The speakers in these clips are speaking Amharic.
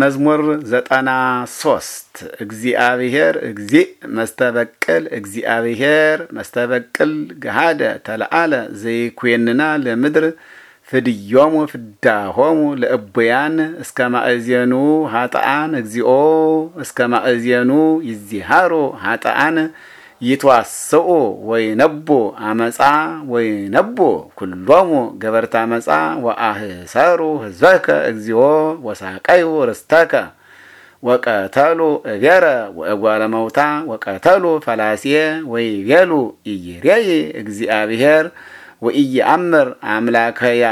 መዝሙር ዘጠና ሶስት እግዚአብሔር እግዚእ መስተበቅል እግዚአብሔር መስተበቅል ገሃደ ተለዓለ ዘይኩንና ለምድር ፍድዮሙ ፍዳሆሙ ለእቦያን እስከ ማእዜኑ ሀጠአን እግዚኦ እስከ ማእዜኑ ይዚሃሮ ሀጠአን ይትዋሰኦ ነቦ አመፃ ወይ ወይነቦ ኩሎሙ ገበርተ አመፃ ወአህሰሩ ህዝበከ እግዚኦ ወሳቀዩ ርስተከ ወቀተሉ እቤረ ወእጓለ መውታ ወቀተሉ ፈላሴ ወይቤሉ ኢይሬይ እግዚአብሔር ወኢየአምር አምላከያ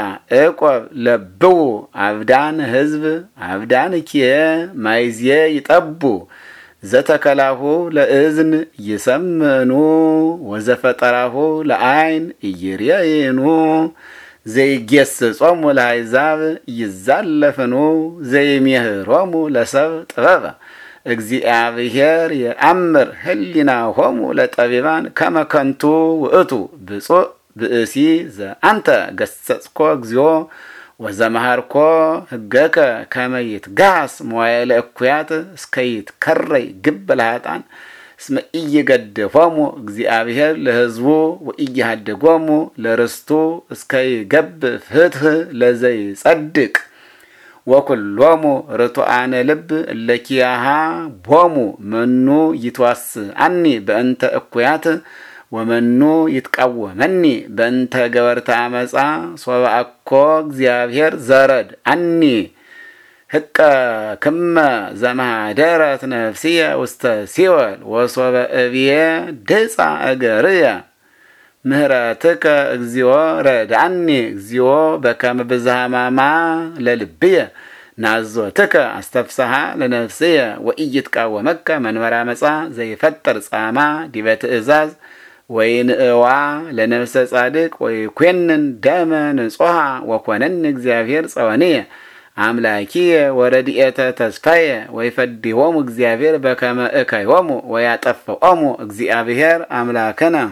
እቆብ ለብው አብዳን ህዝብ አብዳን ኪየ ማይዝየ ይጠቡ ዘተከላሆ ለእዝን ይሰምኑ ወዘፈጠራሆ ለአይን እይርየኑ ዘይጌስጾሙ ለአሕዛብ ይዛለፍኑ ዘይሜህሮሙ ለሰብ ጥበበ እግዚአብሔር የአምር ሆሙ ለጠቢባን ከመከንቱ ውእቱ ብፁእ ብእሲ ዘአንተ ገሰጽኮ እግዚኦ ወዘመሃርኮ ህገከ ከመይት ጋስ መዋይለ እኩያት እስከይት ከረይ ግብ ለሃጣን እስመ ኢይገድፎሙ እግዚአብሔር ለህዝቡ ወኢይሃድጎሙ ለርስቱ እስከይ ገብ ፍትህ ለዘይ ለዘይጸድቅ ወኩሎሙ ርቱዓነ ልብ እለኪያሃ ቦሙ መኑ ይትዋስ አኒ በእንተ እኩያት ወመኑ ይትቃወመኒ በእንተ ገበርተ አመፃ ሶበ አኮ እግዚአብሔር ዘረድ አኒ ህቀ ክመ ዘማደረት ነፍስየ ውስተ ሲወል ወሶበ እብየ ድፃ እገርየ ምህረትከ እግዚኦ ረድአኒ እግዚኦ በከመ ብዝሃ ማማ ለልብየ ናዞትከ አስተፍስሓ ለነፍስየ ወኢይትቃወመከ መንበረ አመፃ ዘይፈጥር ጻማ ዲበ ትእዛዝ ወይንእዋ ለነፍሰ ጻድቅ ኮንን ደመ ንጹሐ ወኮነን እግዚአብሔር ጸወንየ አምላኪየ ወረድኤተ ተስፋየ ወይፈዲሆሙ እግዚአብሔር በከመ እከዮሙ ወያጠፈኦሙ እግዚአብሔር አምላክነ